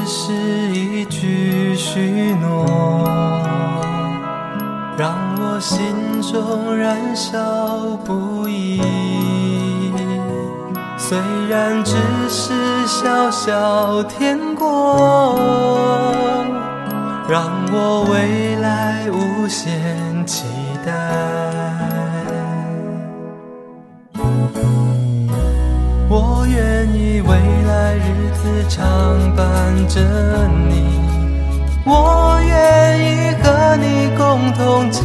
只是一句許諾，讓我心中燃燒不已。雖然只是小小天國，讓我未來無限期待。常伴着你，我願意和你共同經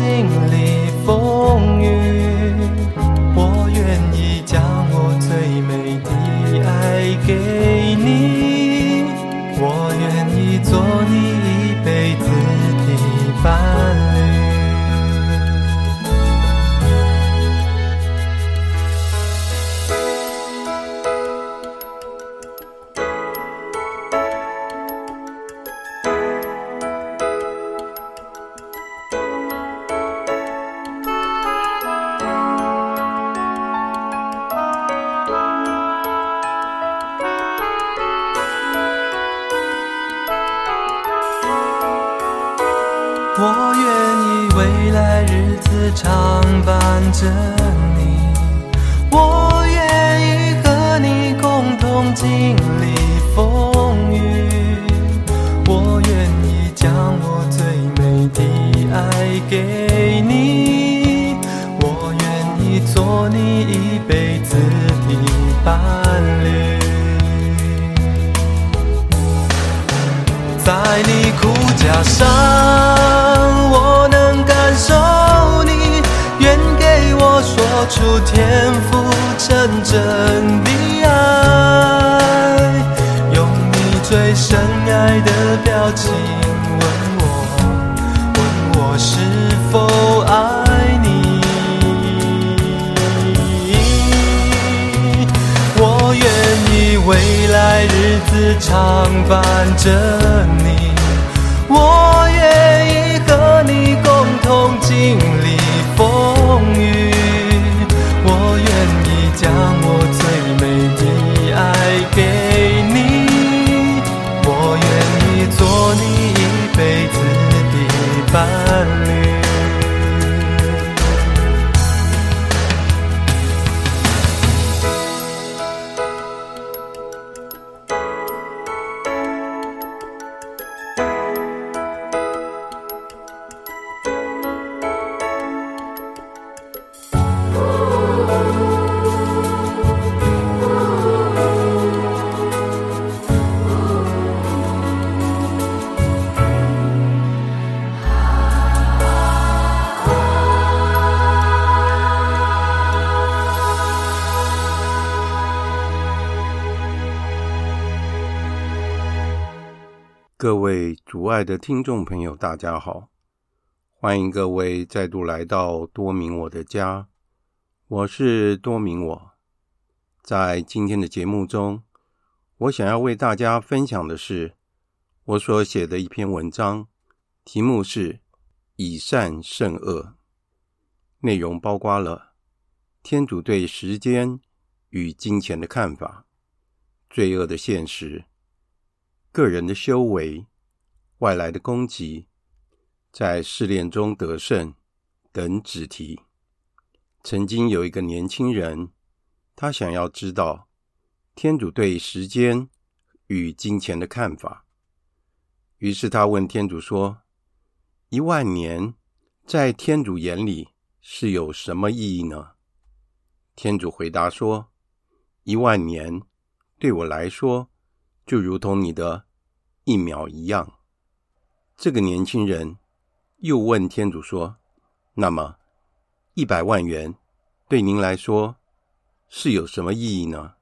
歷風雨。我願意未來日子常伴着你，我願意和你共同經歷風雨，我願意將我最美的愛給你，我願意做你一輩子的伴侶，在你苦架上。出天賦真正的愛，用你最深愛的表情問我，問我是否愛你？我願意未來日子常伴着你。各位主愛的聽眾朋友，大家好！歡迎各位再度來到多明我的家，我是多明我，在今天的節目中，我想要為大家分享的是我所寫的一篇文章，題目是《以善勝惡》，內容包括了天主對時間與金錢的看法、罪惡的現實。個人的修為、外來的攻擊，在試煉中得勝等子題。曾經有一個年輕人，他想要知道天主對時間與金錢的看法，於是他問天主說：“一萬年在天主眼裡是有什麼意義呢？”天主回答說：“一萬年對我來說。”就如同你的一秒一樣，這個年輕人又問天主說：“那麼一百萬元對您來說是有什麼意義呢？”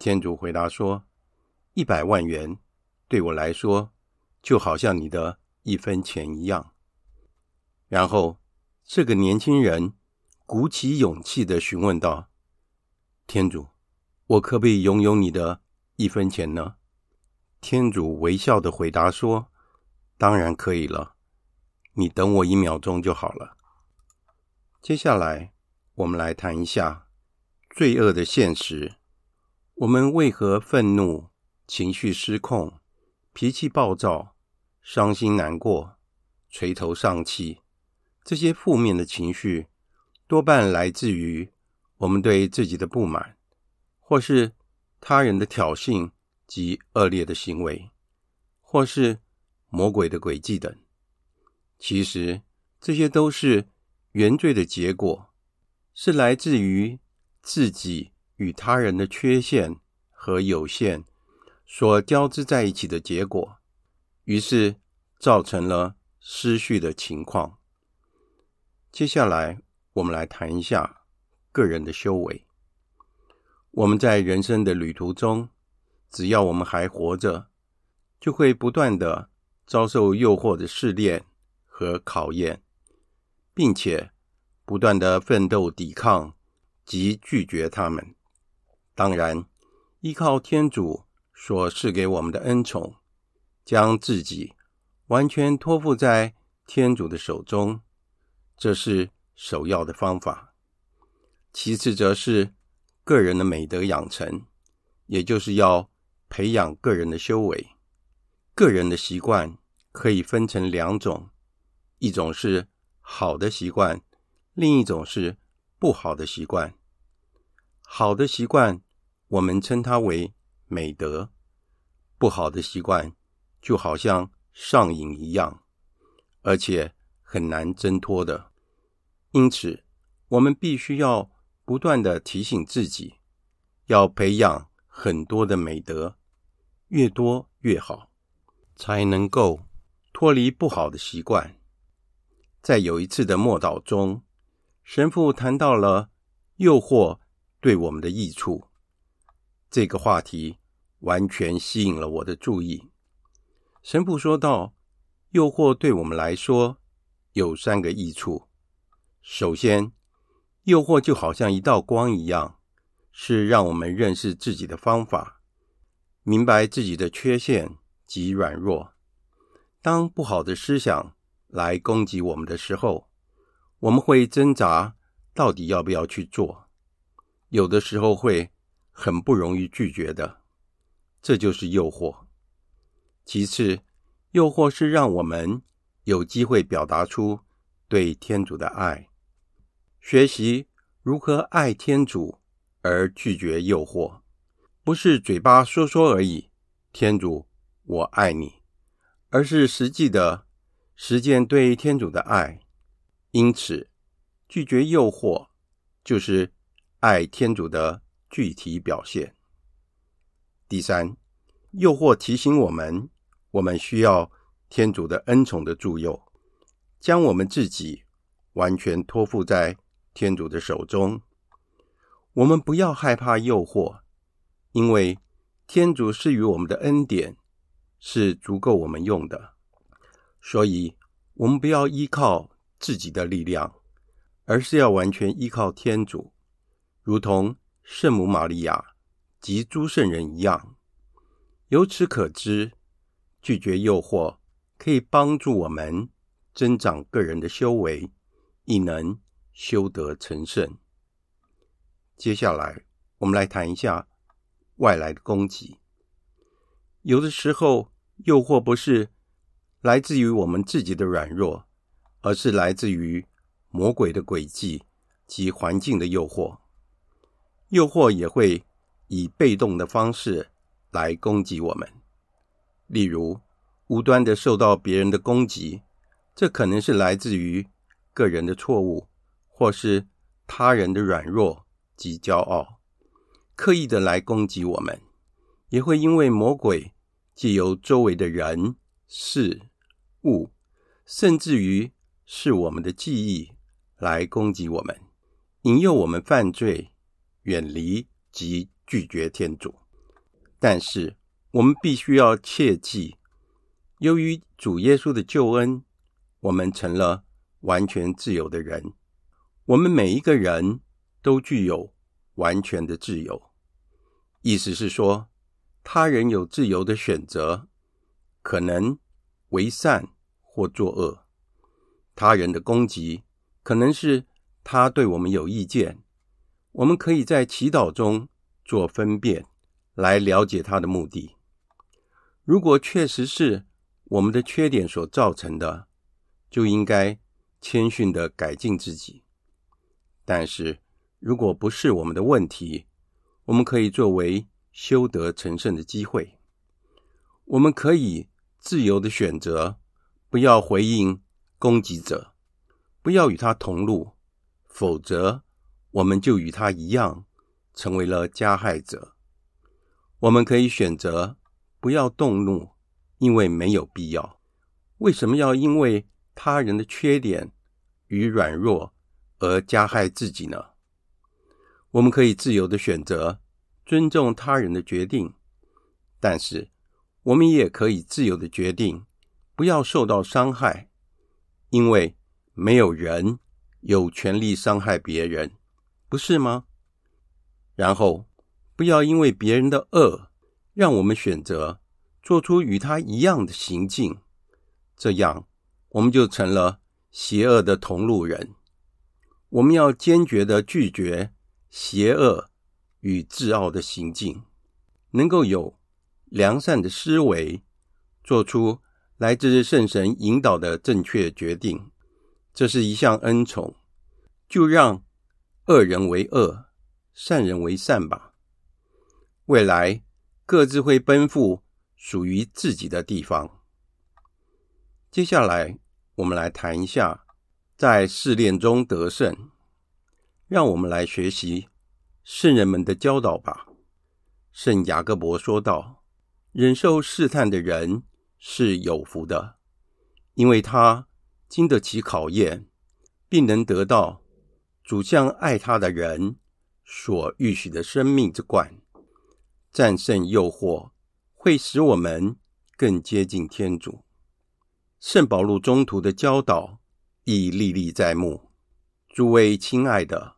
天主回答說：“一百萬元對我來說就好像你的一分錢一樣。”然後這個年輕人鼓起勇氣的詢問道：“天主，我可不可以擁有你的？”一分錢呢？天主微笑地回答說：“當然可以了，你等我一秒鐘就好了。”接下來，我們來談一下罪惡的現實。我們為何憤怒、情緒失控、脾氣暴躁、傷心難過、垂頭喪氣？這些負面的情緒多半來自於我們對自己的不滿，或是他人的挑釁及惡劣的行為，或是魔鬼的詭計等，其實這些都是原罪的結果，是來自於自己與他人的缺陷和有限所交織在一起的結果，於是造成了失序的情況。接下來，我們來談一下個人的修為。我們在人生的旅途中，只要我們還活着，就會不斷地遭受誘惑的試煉和考驗，並且不斷地奮鬥、抵抗及拒絕他們。當然，依靠天主所賜給我們的恩寵，將自己完全託付在天主的手中，這是首要的方法。其次則是個人的美德養成，也就是要培養個人的修為。個人的習慣可以分成兩種，一種是好的習慣，另一種是不好的習慣。好的習慣，我們稱它為美德；不好的習慣，就好像上癮一樣，而且很難掙脫的。因此，我們必須要。不斷地提醒自己，要培養很多的美德，越多越好，才能夠脫離不好的習慣。在有一次的默禱中，神父談到了誘惑對我們的益處，這個話題完全吸引了我的注意。神父說道：“誘惑對我們來說有三個益處，首先。”誘惑就好像一道光一樣，是讓我們認識自己的方法，明白自己的缺陷及軟弱。當不好的思想來攻擊我們的時候，我們會掙扎到底要不要去做，有的時候會很不容易拒絕的，這就是誘惑。其次，誘惑是讓我們有機會表達出對天主的愛。學習如何愛天主而拒絕誘惑，不是嘴巴說說而已。天主，我愛你，而是實際的實踐對天主的愛。因此，拒絕誘惑就是愛天主的具體表現。第三，誘惑提醒我們，我們需要天主的恩寵的助佑，將我們自己完全托付在。天主的手中，我們不要害怕誘惑，因為天主賜予我們的恩典是足夠我們用的。所以，我們不要依靠自己的力量，而是要完全依靠天主，如同聖母瑪利亞及諸聖人一樣。由此可知，拒絕誘惑可以幫助我們增長個人的修為，亦能。修德成聖。接下來，我們來談一下外來的攻擊。有的時候，誘惑不是來自於我們自己的軟弱，而是來自於魔鬼的詭計及環境的誘惑。誘惑也會以被動的方式來攻擊我們，例如無端的受到別人的攻擊，這可能是來自於個人的錯誤。或是他人的軟弱及驕傲，刻意的來攻擊我們，也會因為魔鬼借由周圍的人事物，甚至於是我們的記憶來攻擊我們，引誘我們犯罪，遠離及拒絕天主。但是我們必須要切記，由於主耶穌的救恩，我們成了完全自由的人。我們每一個人都具有完全的自由，意思是說，他人有自由的選擇，可能為善或作惡。他人的攻擊可能是他對我們有意見，我們可以在祈禱中做分辨，來了解他的目的。如果確實是我們的缺點所造成的，就應該謙遜地改進自己。但是，如果不是我們的問題，我們可以作為修德成聖的機會。我們可以自由的選擇，不要回應攻擊者，不要與他同路，否則我們就與他一樣，成為了加害者。我們可以選擇不要動怒，因為沒有必要。為什麼要因為他人的缺點與軟弱？而加害自己呢？我們可以自由的選擇尊重他人的決定，但是我們也可以自由的決定不要受到傷害，因為沒有人有權利傷害別人，不是嗎？然後不要因為別人的惡，讓我們選擇做出與他一樣的行徑，這樣我們就成了邪惡的同路人。我們要堅決的拒絕邪惡與自傲的行徑，能夠有良善的思維，做出來自聖神引導的正確決定，這是一項恩寵。就讓惡人為惡，善人為善吧。未來各自會奔赴屬於自己的地方。接下來，我們來談一下。在試煉中得勝，讓我們來學習聖人們的教導吧。聖雅各伯說道：“忍受試探的人是有福的，因為他經得起考驗，並能得到主向愛他的人所預許的生命之冠。戰勝誘惑會使我們更接近天主。”聖保祿中途的教導。亦歷歷在目，諸位親愛的，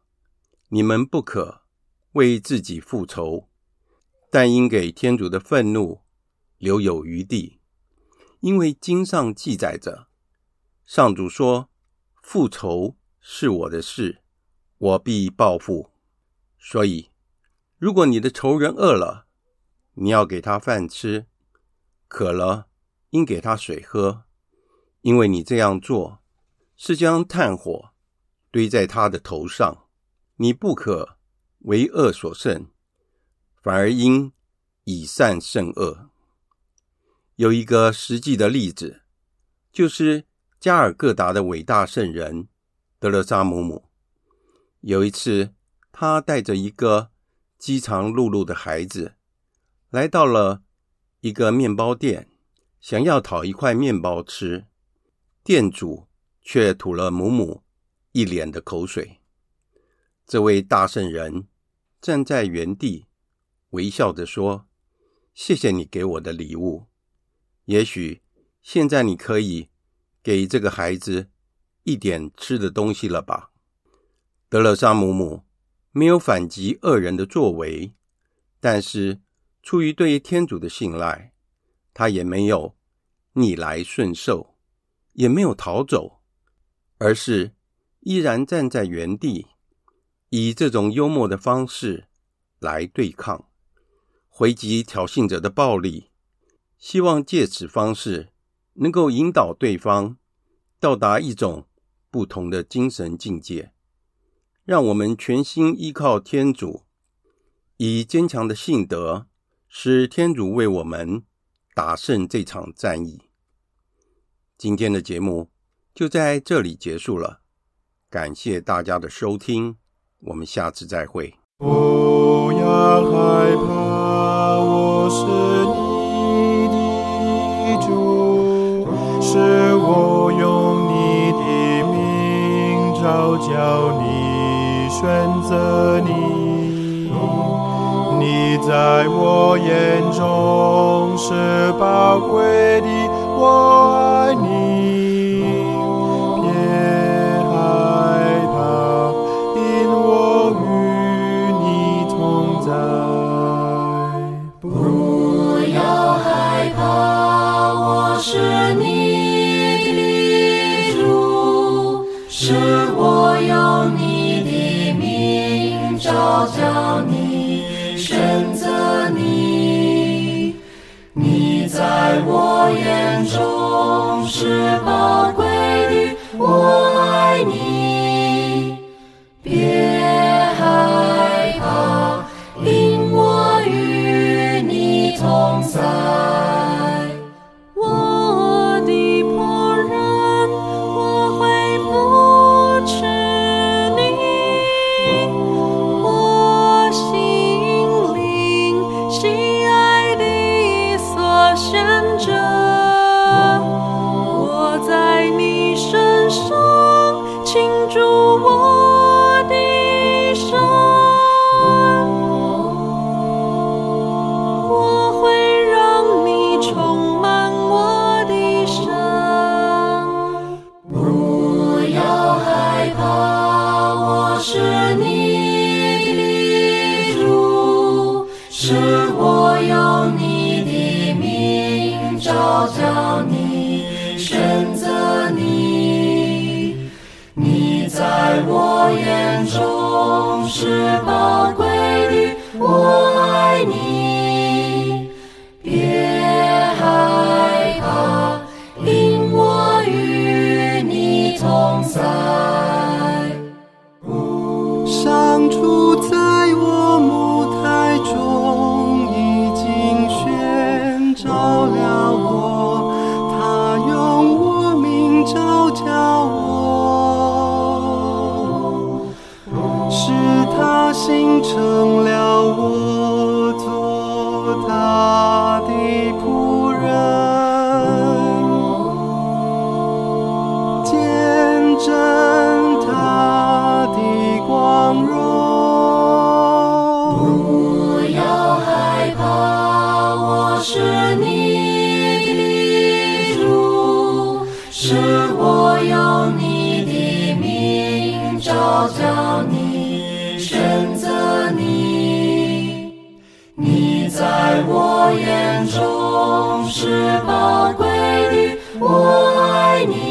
你們不可為自己復仇，但應給天主的憤怒留有餘地，因為經上記載着，上主說：“復仇是我的事，我必報復。”所以，如果你的仇人餓了，你要給他飯吃；渴了，應給他水喝，因為你這樣做。是將炭火堆在他的頭上，你不可為惡所勝，反而應以善勝惡。有一個實際的例子，就是加爾各答的偉大聖人德勒莎姆姆。有一次，他帶着一個飢腸轆轆的孩子來到了一個麵包店，想要討一塊麵包吃，店主。卻吐了母母一臉的口水。這位大聖人站在原地，微笑着說：“謝謝你給我的禮物。也許現在你可以給這個孩子一點吃的東西了吧？”德勒沙姆姆沒有反擊惡人的作為，但是出於對於天主的信賴，他也沒有逆來順受，也沒有逃走。而是依然站在原地，以這種幽默的方式來對抗、回擊挑釁者的暴力，希望借此方式能夠引導對方到達一種不同的精神境界。讓我們全心依靠天主，以堅強的信德，使天主為我們打勝這場戰役。今天的節目。就在這裡結束了，感謝大家的收聽，我們下次再會。不、哦、要害怕，我是你的主、哦，是我用你的名召叫你選擇你，哦、你在我眼中是寶貴的，我。我叫你，選擇你，你在我眼中是寶。是我用你的名召叫你，選擇你，你在我眼中是寶貴的，我愛你。成了我做他的僕人，見證他的光榮。不要害怕，我是你的主，是我用你的名召叫你。在我眼中是寶貴的，我愛你。